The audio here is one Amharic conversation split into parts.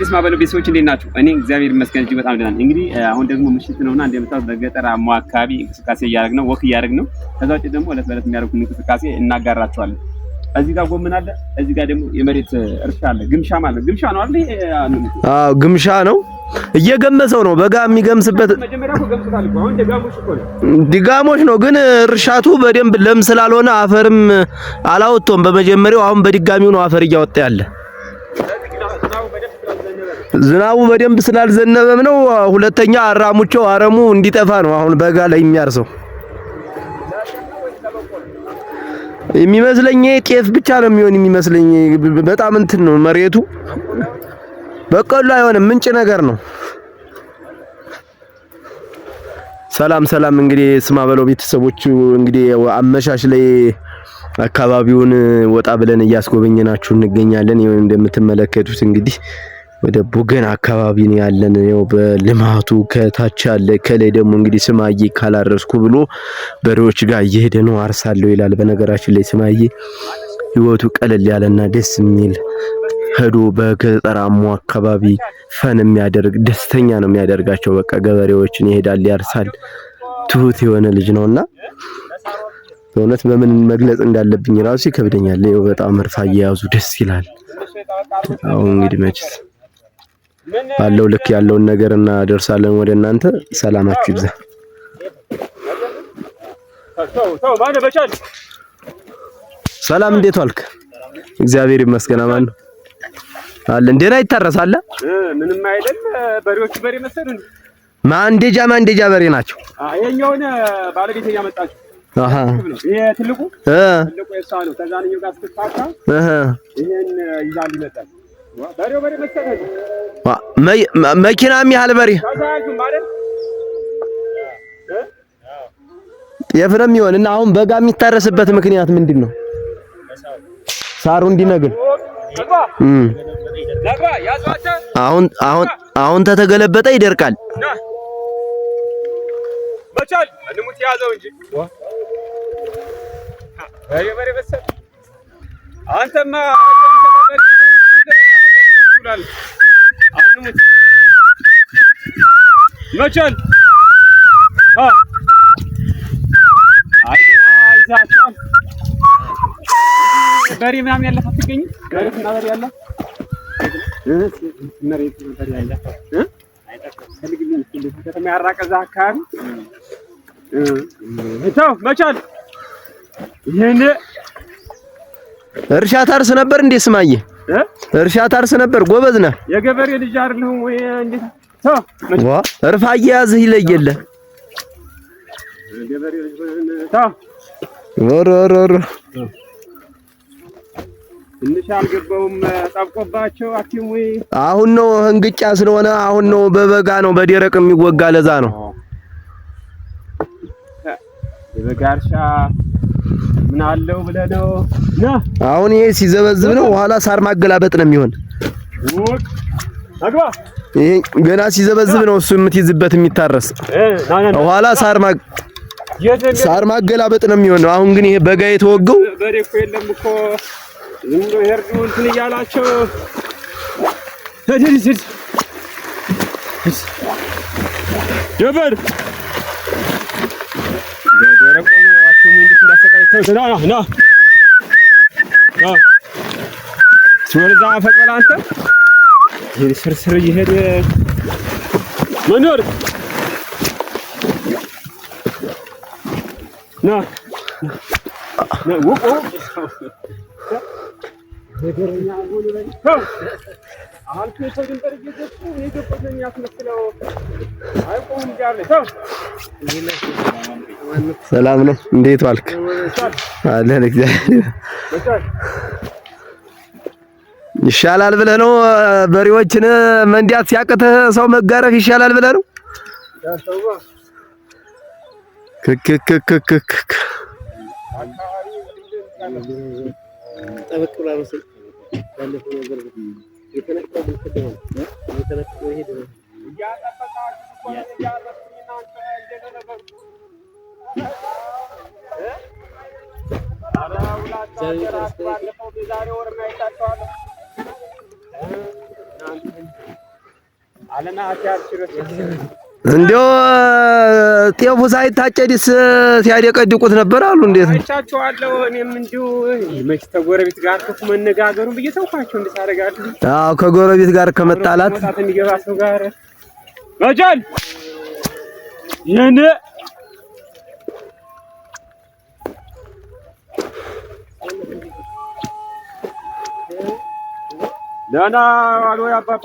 ቅዱስ ማበለ ቤተሰቦች እንዴት ናችሁ? እኔ እግዚአብሔር ይመስገን እጅግ በጣም ደህና ነኝ። እንግዲህ አሁን ደግሞ ምሽት ነውና እንደምታውቁት በገጠራማ አካባቢ እንቅስቃሴ እያደረግ ነው፣ ወክ እያደረግ ነው። ከዛ ውጭ ደግሞ እለት በለት የሚያደርጉ እንቅስቃሴ እናጋራቸዋለን። እዚህ ጋር ጎመን አለ፣ እዚህ ጋር ደግሞ የመሬት እርሻ አለ። ግምሻ ማለት ግምሻ ነው አይደል? አዎ ግምሻ ነው። እየገመሰው ነው። በጋ የሚገምስበት ድጋሞች ነው፣ ግን እርሻቱ በደንብ ለም ስላልሆነ አፈርም አላወጥቶም በመጀመሪያው። አሁን በድጋሚው ነው አፈር እያወጣ ያለ ዝናቡ በደንብ ስላልዘነበም ነው። ሁለተኛ አራሙቸው አረሙ እንዲጠፋ ነው። አሁን በጋ ላይ የሚያርሰው የሚመስለኝ ጤፍ ብቻ ነው የሚሆን የሚመስለኝ። በጣም እንትን ነው መሬቱ። በቀሉ አይሆንም ምንጭ ነገር ነው። ሰላም ሰላም። እንግዲህ ስማ በለው ቤተሰቦቹ እንግዲህ አመሻሽ ላይ አካባቢውን ወጣ ብለን እያስጎበኘናችሁ እንገኛለን። ይሁን እንደምትመለከቱት እንግዲህ ወደ ቡገን አካባቢ ነው ያለን። ያው በልማቱ ከታች አለ፣ ከላይ ደግሞ እንግዲህ ስማዬ ካላረስኩ ብሎ በሬዎች ጋር እየሄደ ነው አርሳለሁ ይላል። በነገራችን ላይ ስማዬ ህይወቱ ቀለል ያለና ደስ የሚል ሄዶ በገጠራሙ አካባቢ ፈን የሚያደርግ ደስተኛ ነው የሚያደርጋቸው። በቃ ገበሬዎችን ይሄዳል፣ ያርሳል። ትሁት የሆነ ልጅ ነውና በእውነት በምን መግለጽ እንዳለብኝ ራሱ ይከብደኛል። በጣም እርፋ እየያዙ ደስ ይላል። አሁን እንግዲህ መችስ ባለው ልክ ያለውን ነገር እናደርሳለን ወደ እናንተ። ሰላማችሁ ይብዛ። ሰላም እንዴት ዋልክ? እግዚአብሔር ይመስገን አማን ነው አለ። እንዴና ይታረሳል? ምንም አይደል። በሬዎቹ በሬ መሰሉን ማንዴጃ ማንዴጃ በሬ ናቸው። ይኸኛውን ባለቤት ያመጣችሁ አሃ ይሄ ትልቁ እ ትልቁ የእሷ ነው። ከዛንኛው ጋር ስትፋታ እህ ይሄን ይዛል ይመጣል መኪናም ያህል በሬ የፍረም ይሆን እና አሁን በጋ የሚታረስበት ምክንያት ምንድን ነው? ሳሩ እንዲነግል አሁን አሁን አሁን ተተገለበጠ ይደርቃል። አንተማ ይላል። አንሙት መቻል አይ በሬ ምናምን ያለህ አትገኝም። መሬትና በሬ ያለ በሬ ያለ መቻል እርሻ ታርስ ነበር እንዴ ስማዬ? እርሻ ታርስ ነበር። ጎበዝ ነህ። የገበሬ ልጅ አይደለሁም ወይ? እንዴት ዋ እርፋ እየያዝህ ይለየለ የገበሬ ልጅ ታ ወር ወር ወር ትንሽ አልገባውም። ጠብቆባቸው አኪም አሁን ነው ህንግጫ ስለሆነ አሁን ነው በበጋ ነው በደረቅ የሚወጋ ለዛ ነው የበጋ እርሻ ምን አለው ብለህ ነው? አሁን ይሄ ሲዘበዝብ ነው፣ ኋላ ሳር ማገላበጥ ነው የሚሆን። ይሄ ገና ሲዘበዝብ ነው እሱ የምትይዝበት የሚታረስ፣ በኋላ ሳር ማገላበጥ ነው የሚሆን። አሁን ግን ይሄ በጋ የተወገው በሬ እኮ የለም እኮ እንትን እያላቸው ደበር ደረቁ ወደዛ ፈቀላ አንተ ስርስር እየሄደ መኖር ና አሁን የሰው ድንበር እየገቡ የገቡት ነው የሚያስመስለው። አይቆም ጋር ሰላም እንዴት ዋልክ? አለን እግዚአብሔር ይሻላል ብለህ ነው በሬዎችን መንዳት ሲያቅትህ ሰው መጋረፍ ይሻላል ብለህ ነው? ክክክክክክ ጠበቅ ብላ አለና አቻ እንዲያው ጤፉ ሳይታጨድስ ሲያደቀድቁት ነበር አሉ። እንዴት ነው አይቻቸዋለሁ። እኔም እንዲሁ መች ከጎረቤት ጋር ክፉ መነጋገሩን ብዬ ተውኳቸው። እንዴት አደርጋለሁ? አዎ ከጎረቤት ጋር ከመጣላት የሚገባ ሰው ጋር መጀል ይህን ደህና ዋሉ አባባ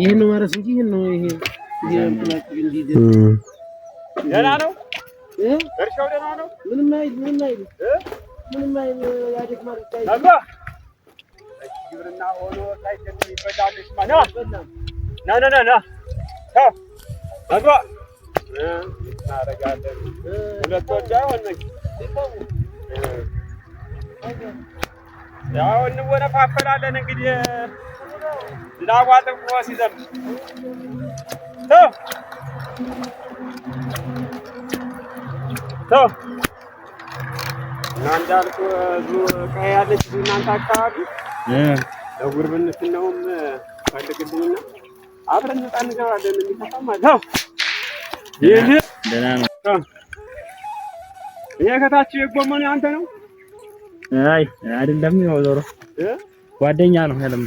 ይህን ነው ማረስ እንጂ ይህን ነው ይሄ ደህና ነው። እርሻው ደህና ነው። ምንም አይልም። ምንም አይልም። ምንም አይልም። ያደግ ማለት አይደለም። ግብርና ሆኖ ሳይደል ይበላልሽ ማለት ና ና ና ና ታው አግባ እናደርጋለን። ሁለት ወር አይሆን ያው እንወነፋፈላለን እንግዲህ እንዳቋጥር ቁዋ ሲዘም ተው እና እንዳልኩ ቀይ ያለች እናንተ አካባቢ ለጉርብነት ነውም ፈልግልኝና አብረን እንጣ እንገባለን። የሚከፋም አለ ነው። ይሄ ከታች የጎመኑ ያንተ ነው። አይ አይደለም። ያው ዞሮ ጓደኛ ነው ያለም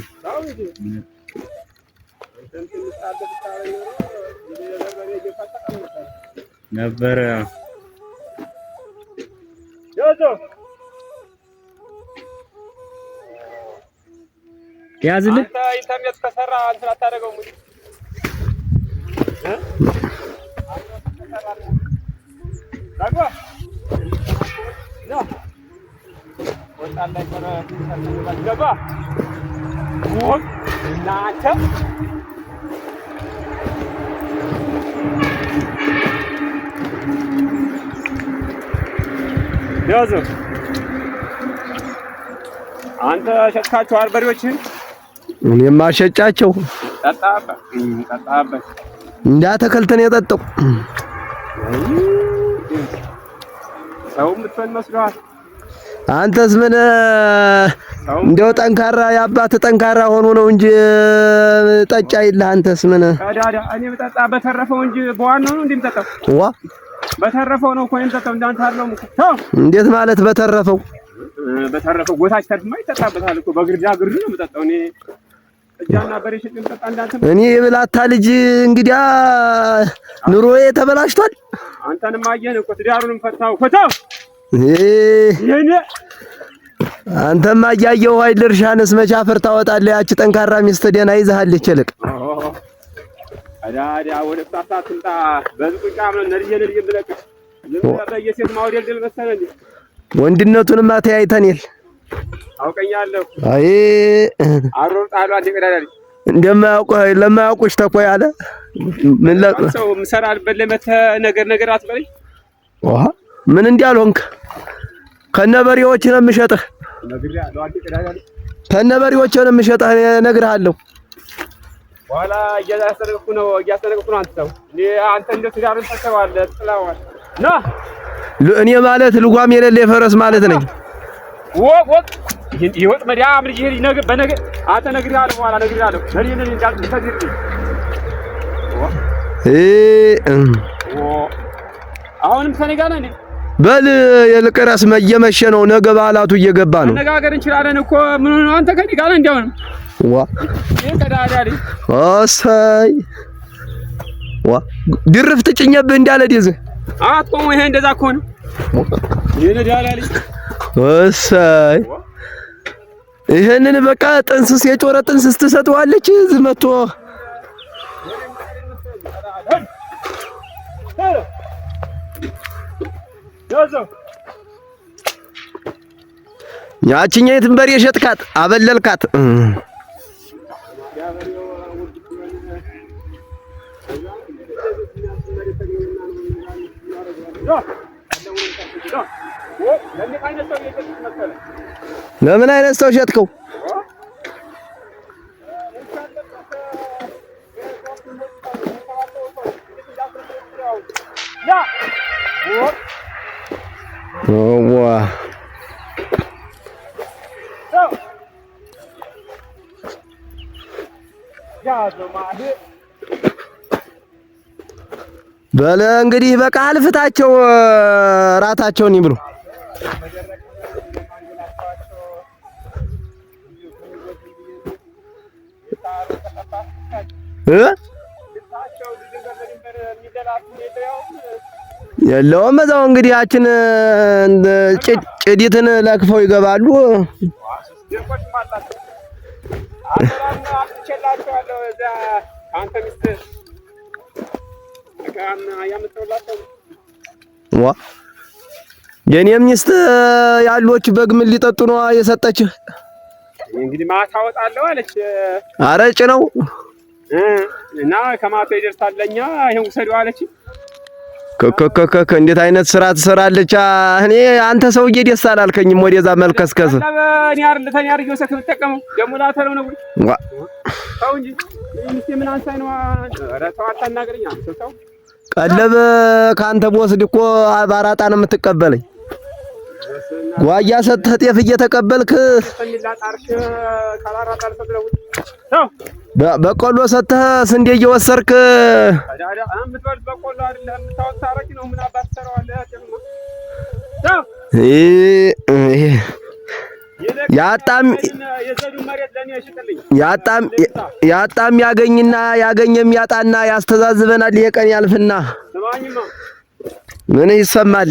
ነበረ ያዝልህ ኢንተርኔት ከሰራ እንትን አታደርገውም እ ያዘ አንተ ሸጥካቸው አርበሬዎችን እኔማ ሸጫቸው። ሰው አንተስ ምን እንደው ጠንካራ የአባት ጠንካራ ሆኖ ነው እንጂ ጠጫ ይልህ። አንተስ ምን ታዲያ እኔ የምጠጣ በተረፈው እንጂ በዋናው ነው እንዴ የምጠጣው? ዋ በተረፈው ነው እኮ የምጠጣው። እንዳንተ አይደለም እንዴት ማለት በተረፈው? በተረፈው ጎታች ተድማ ይጠጣበታል እኮ በግርዳ ግርድ ነው የምጠጣው እኔ እኔ የብላታ ልጅ እንግዲያ ኑሮዬ ተበላሽቷል። አንተንም እኮ ትዳሩንም ፈታው ፈታው አንተማ እያየሁ አይደል? እርሻንስ መቼ አፈር ታወጣለህ? ያቺ ጠንካራ ሚስት ደህና ይዛሃለች። ይልቅ ወንድነቱንማ ተያይተን የለ አውቀኛለሁ። አይ አሮር ጣሉ አንዴ ቀዳዳሪ እንደማያውቁ ለማያውቁሽ ተቆይ አለ ምን ለሰው ምሰራ አልበለመተ ነገር ነገር አትበለኝ ምን እንዲህ አልሆንክ? ከነበሬዎች ነው የምሸጥህ፣ ከነበሬዎች ነው የምሸጥህ እነግርሃለሁ። በኋላ እያስጠነቅኩ ነው እያስጠነቅኩ ነው። አንተ ሰው አንተ እንደ ትዳርን ተሰባለ ጥላዋል ና እኔ ማለት ልጓም የሌለ የፈረስ ማለት ነኝ። ወቅ ወቅ ይወጥ መዲያ አምር ይሄድ ነገ በነገ አንተ ነግሬሃለሁ። በኋላ ነግሬሃለሁ። ለኔ ነኝ እንዳል ተዚር እ አሁንም ከኔ ጋር ነህ በል የልቀረስ መየመሸ ነው። ነገ በዓላቱ እየገባ ነው። ነጋገር እንችላለን እኮ ምን ነው አንተ ከኔ ጋር እንደው ነው ዋ እንደዳዳሪ አሳይ ዋ ድርፍ ትጭኘብህ እንዳለ ዲዝ አትቆም። ይሄ እንደዛ እኮ ነው። ዳዳሪ አሳይ ይሄንን በቃ ጥንስስ የጮረ ጥንስስ ትሰጥዋለች ዝመቶ ያቺኛ የትን በሬ ሸጥካት አበለልካት። ለምን አይነት ሰው ሸጥከው? Yawwa. በለ እንግዲህ በቃ አልፍታቸው ራታቸውን ይብሉ። እ የለውም እዛው እንግዲህ ያችን ጭዲትን ለክፈው ይገባሉ። ዋ የኔ ሚስት ያሎች በግ ምን ሊጠጡ ነው የሰጠችህ? እንግዲህ ማታ ወጣለሁ አለች። አረጭ ነው እና ከማታ ይደርሳለኛ ይሄን ውሰደው አለች። ከከከከከ እንዴት አይነት ስራ ትሰራለች? እኔ አንተ ሰውዬ ደስ አላልከኝም። ወደዛ መልከስከስ ቀለብ ከአንተ በወስድ እኮ ባራጣ ነው የምትቀበለኝ። ዋያ ሰጥተህ ጤፍ እየተቀበልክ በቆሎ ሰጥተህ ስንዴ እየወሰርክ ያጣም ያገኝና ያገኝ የሚያጣና ያስተዛዝበናል። ይሄ ቀን ያልፍና ምን ይሰማል?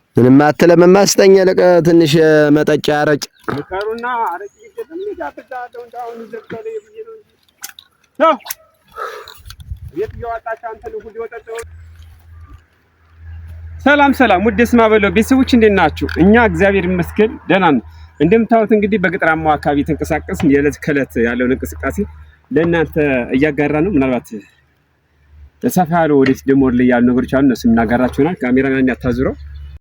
ምንም አትለም። ማስተኛ ለቀ ትንሽ መጠጫ አረጭ ምከሩና አረጭ ሰላም ሰላም፣ ውድ ስማ በለው ቤተሰቦች እንዴት ናችሁ? እኛ እግዚአብሔር ይመስገን ደህና ነው። እንደምታዩት እንግዲህ በገጠራማው አካባቢ የተንቀሳቀስን የዕለት ከዕለት ያለውን እንቅስቃሴ ለእናንተ እያጋራ ነው። ምናልባት ሰፋ ያለ ወዴት ደግሞ ወደ ላይ ያሉ ነገሮች አሉ፣ እነሱ የምናጋራችሁናል። ካሜራማን ያታዙረው